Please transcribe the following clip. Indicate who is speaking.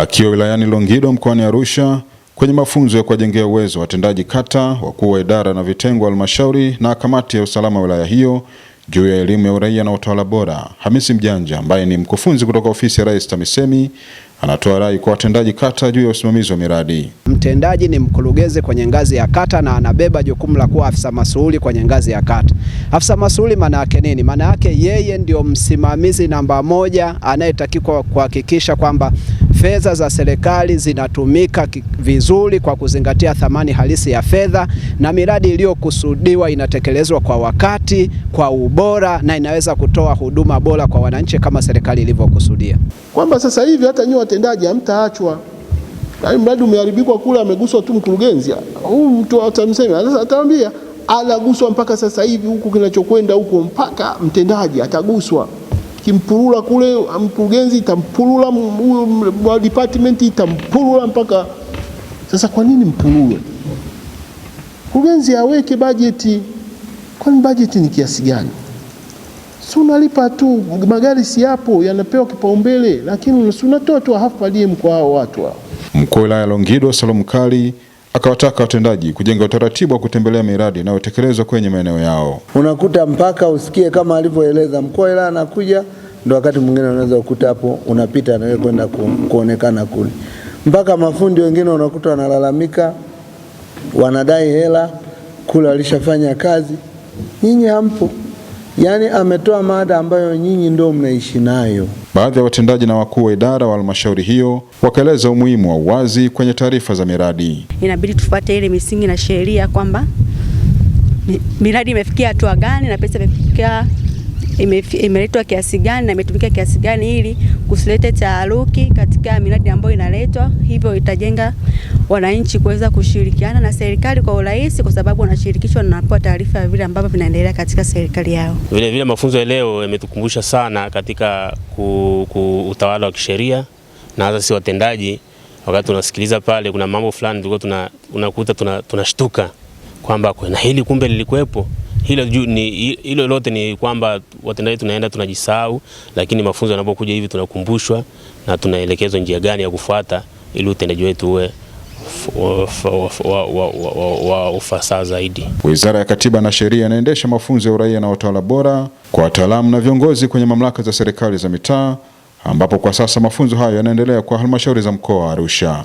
Speaker 1: Akiwa wilayani Longido mkoani Arusha kwenye mafunzo ya kuwajengea uwezo watendaji kata, wakuu wa idara na vitengo halmashauri na kamati ya usalama wilaya hiyo juu ya elimu ya uraia na utawala bora, Hamisi Mjanja ambaye ni mkufunzi kutoka ofisi ya Rais TAMISEMI anatoa rai kwa watendaji kata juu ya usimamizi wa miradi.
Speaker 2: Mtendaji ni mkurugenzi kwenye ngazi ya kata na anabeba jukumu la kuwa afisa masuhuli kwenye ngazi ya kata. Afisa masuhuli maana yake nini? Maana yake yeye ndio msimamizi namba moja anayetakiwa kuhakikisha kwamba fedha za serikali zinatumika vizuri kwa kuzingatia thamani halisi ya fedha na miradi iliyokusudiwa inatekelezwa kwa wakati, kwa ubora na inaweza kutoa huduma bora kwa wananchi kama serikali ilivyokusudia.
Speaker 3: Kwamba sasa hivi hata nyinyi watendaji hamtaachwa. na mradi umeharibikwa kule, ameguswa tu mkurugenzi. huu, mtu atamsema sasa, atamwambia anaguswa mpaka sasa hivi huku kinachokwenda huko, mpaka mtendaji ataguswa kimpurula kule, mkurugenzi itampurula, huyo wa department itampurula mpaka sasa. Kwa nini mpurule? Mkurugenzi aweke bajeti. Kwani bajeti ni kiasi gani? Si unalipa tu magari, si yapo yanapewa kipaumbele, lakini si unatoa tu hafa DM kwa hao watu hao.
Speaker 1: Mkuu wa wilaya Longido Salum Kali akawataka watendaji kujenga utaratibu wa kutembelea miradi inayotekelezwa kwenye maeneo yao.
Speaker 4: Unakuta mpaka usikie kama alivyoeleza mkuu wa wilaya anakuja ndo wakati mwingine unaweza ukuta hapo unapita na wewe kwenda ku, kuonekana kule. Mpaka mafundi wengine unakuta wanalalamika, wanadai hela kule walishafanya kazi, nyinyi hampo. Yaani ametoa mada ambayo nyinyi ndio mnaishi nayo.
Speaker 1: Baadhi ya watendaji na wakuu wa idara wa halmashauri hiyo wakaeleza umuhimu wa uwazi kwenye taarifa za miradi.
Speaker 5: Inabidi tufuate ile misingi na sheria kwamba miradi imefikia hatua gani na pesa imefikia imeletwa kiasi gani na imetumika kiasi gani ili kusilete taharuki katika miradi ambayo inaletwa, hivyo itajenga wananchi kuweza kushirikiana na serikali kwa urahisi, kwa sababu wanashirikishwa na kupewa taarifa ya vile ambavyo vinaendelea katika serikali yao.
Speaker 6: Vile vile mafunzo ya leo yametukumbusha sana katika ku, ku utawala wa kisheria na hasa si watendaji wakati tunasikiliza pale, kuna mambo fulani tulikuwa tuna, unakuta tunashtuka tuna kwamba kuna hili kumbe lilikuwepo hilo juu ni hilo lote ni kwamba watendaji tunaenda tunajisahau, lakini mafunzo yanapokuja hivi tunakumbushwa na tunaelekezwa njia gani ya kufuata ili utendaji wetu uwe wa ufasaha zaidi.
Speaker 1: Wizara ya Katiba na Sheria inaendesha mafunzo ya uraia na utawala bora kwa wataalamu na viongozi kwenye mamlaka za serikali za mitaa, ambapo kwa sasa mafunzo hayo yanaendelea kwa halmashauri za mkoa wa Arusha